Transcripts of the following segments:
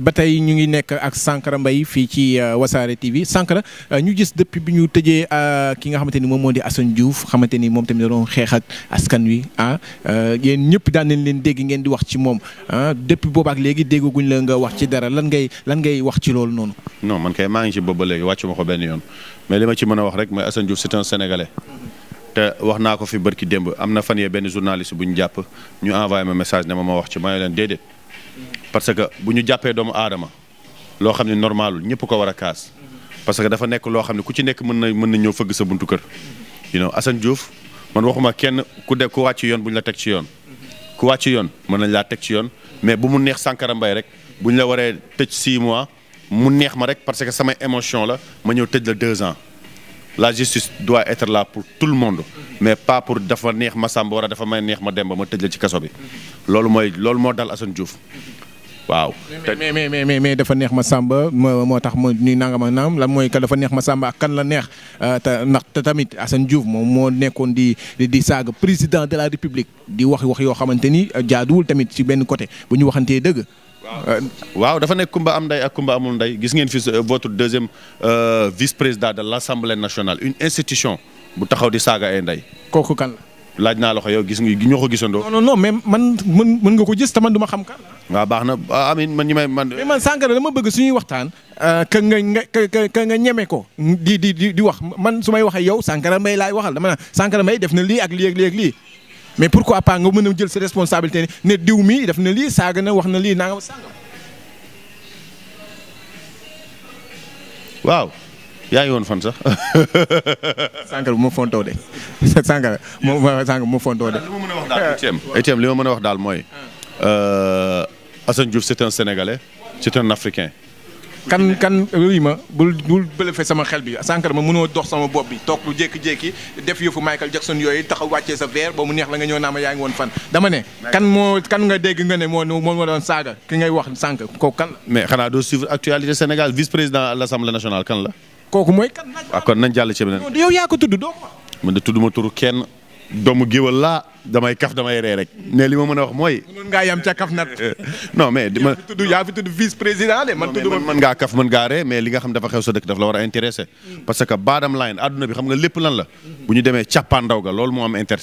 ba tey ñu ngi nekk ak Sankara mbay fii ci euh, Wasaare TV Sankara euh, ñu gis depuis bi ñu tëjee euh, ki nga xamante ni moom moo di Assane Diouf xamante ni moom tamit da doon xeex ak askan wi ah yéen ñëpp daan nañ leen dégg ngeen di wax ci moom ah depuis boobaak léegi dégguñ la nga wax ci dara lan ngay lan ngay wax ci loolu noonu. non man kay maa ngi ci boobu ba léegi wàccu ko benn yoon mais li ma ci mën a wax rek mooy Assane Diouf c'est un sénégalais. te wax naa ko fi barki démb am na fan yee benn journaliste bu ñu jàpp ñu envoyé ma message ne ma wax ci ma ne leen déedéet parce que bu ñu jàppee doomu aadama loo xam ne normalul ñëpp ko war a kaas parce que dafa nekk loo xam ne ku ci nekk mën na mën na ñëw fëgg sa buntu kër you know Assane Diouf man waxuma kenn ku de ku wàcc yoon bu ñu la teg ci yoon ku wàcc yoon mën nañ laa teg ci yoon mais bu mu neex Sankara Mbaye rek bu ñu la waree tëj 6 mois mu neex ma rek parce que samay émotion la ma ñëw tëj la deux ans la justice doit être là pour tout le monde mais pas pour dafa neex ma Samba war a dafa neex ma Demba ma tëj ci kaso bi loolu mooy loolu moo dal Assane Diouf waaw. te mais mais mais mais dafa neex ma Samba moo tax ma ñuy nangam a naam lan mooy dafa ma Samba kan la neex euh, ndax te tamit Assane Diouf moom moo nekkoon di di saaga président de la république di wax yoo xamante ni euh, jaaduwul tamit ci benn côté bu ñu waxantee dëgg. waaw dafa nekk Kumba am ndey ak Kumba amul gis ngeen fi euh, votre deuxième vice-président de l'Assemblée nationale une institution bu taxaw di saaga ay ndey. kan laaj naa loxo yow gis nga ñoo ko gisandoo. non non nga ko gis te man du xam kan. waaw baax na ah, amin man ñi may man. mais man Sankara dama bëgg suñu waxtaan. ka euh, nga nga ka nga ñeme ko. di di di wax man su may waxee yow Sankara Mbaye laay waxal dama naan Sankara Mbaye def na lii ak lii ak lii ak mais pourquoi pas nga mën a jël sa responsabilité ne diw mi def na lii saaga na wax na lii naa nga waaw. yaa ngi woon fan sax. Sankara bu ma fontoo de Sankara moom Sankara bu ma fontoo de. mën a wax li ma mën a wax daal mooy. Ah. Euh, Assane Diouf c'est un sénégalais c'est un africain. kan kan rëy ma bul bul bëlëfe sama xel bi sànq dama mënoo dox sama bopp bi toog lu jékki-jékki def yëfu Michael Jackson yooyu taxaw wàccee sa verre ba mu neex la nga ñëw naa ma yaa ngi woon fan. dama ne kan moo kan nga dégg nga ne moo moo ma doon saaga ki ngay wax sànq kooku kan la. mais xanaa doo suivre actualité Sénégal vice président à l'Assemblée nationale kan la. kooku mooy kan. waaw ah, kon nañ jàll ci beneen. yow yaa ko tudd doo ko. man de tudduma turu kenn. doomu géwal laa damay kaf damay ree rek ne li ma mën a wax mooy. mënoon ngaa yam ca kaf nag. non mais dama tudd yaa fi tudd vice président de. man tudd kaf mën ngaa ree mais li nga xam dafa xew sa dëkk daf la war a intéressé. Mm. parce que bottom line àdduna bi xam nga lépp lan la. bu ñu demee càppaandaw ga loolu moo am inter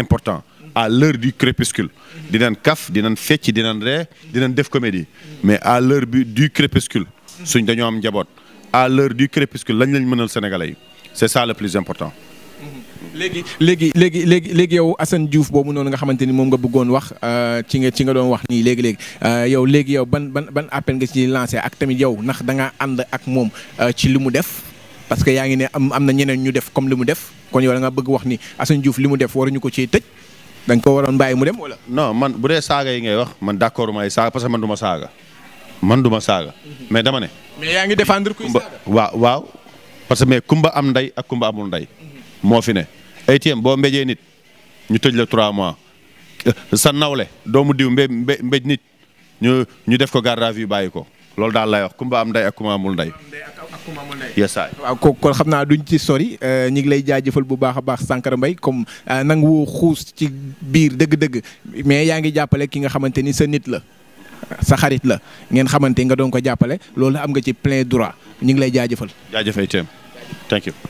important. à l'heure du crépuscule. Mm. dinañ kaf dinañ fecc dinañ ree dinañ def comédie. mais à l'heure bi du crépuscule. Mm. suñ dañoo am njaboot. à l'heure du crépuscule lañ lañ mënal sénégalais yi. c'est ça le plus important. léegi léegi léegi léegi léegi yow Assane Diouf boobu noonu nga xamante ni moom nga bëggoon wax euh, ci nga ci nga doon wax nii léegi léegi euh, yow léegi yow ban ban ban appel nga ci lancé ak tamit yow ndax da ànd ak moom euh, ci li mu def parce que yaa ngi ne am am na ñeneen ñu def comme li mu def kon yow da nga bëgg wax ni Assane Diouf li mu def waruñu ko ci tëj da ko waroon bàyyi mu dem wala. non man bu dee saaga yi ngay wax man d'accord may saaga parce que man du ma saaga man du ma saaga mais dama ne. mais yaa ngi défendre kuy saaga. waaw waaw parce que mais kumba am ndey ak kumba amul ndey moo fi ne ATM boo mbéjee nit ñu tëj la 3 mois euh, sa nawle doomu diw mbe nit ñu ñu def ko garde à vue bàyyi ko loolu daal lay wax kumba am ndey ak kuma amul ndey. yesaay kon xam naa duñ ci sori euh, ñu ngi lay jaajëfal bu baax a baax Sankara mbay comme euh, nangu woo xuus ci biir dëgg-dëgg mais yaa ngi jàppale ki nga xamante ni sa nit la sa xarit la ngeen xamante nga doon ko jàppale loolu am nga ci plein droit ñu ngi lay jaajëfal. jaajëfay teem thank you.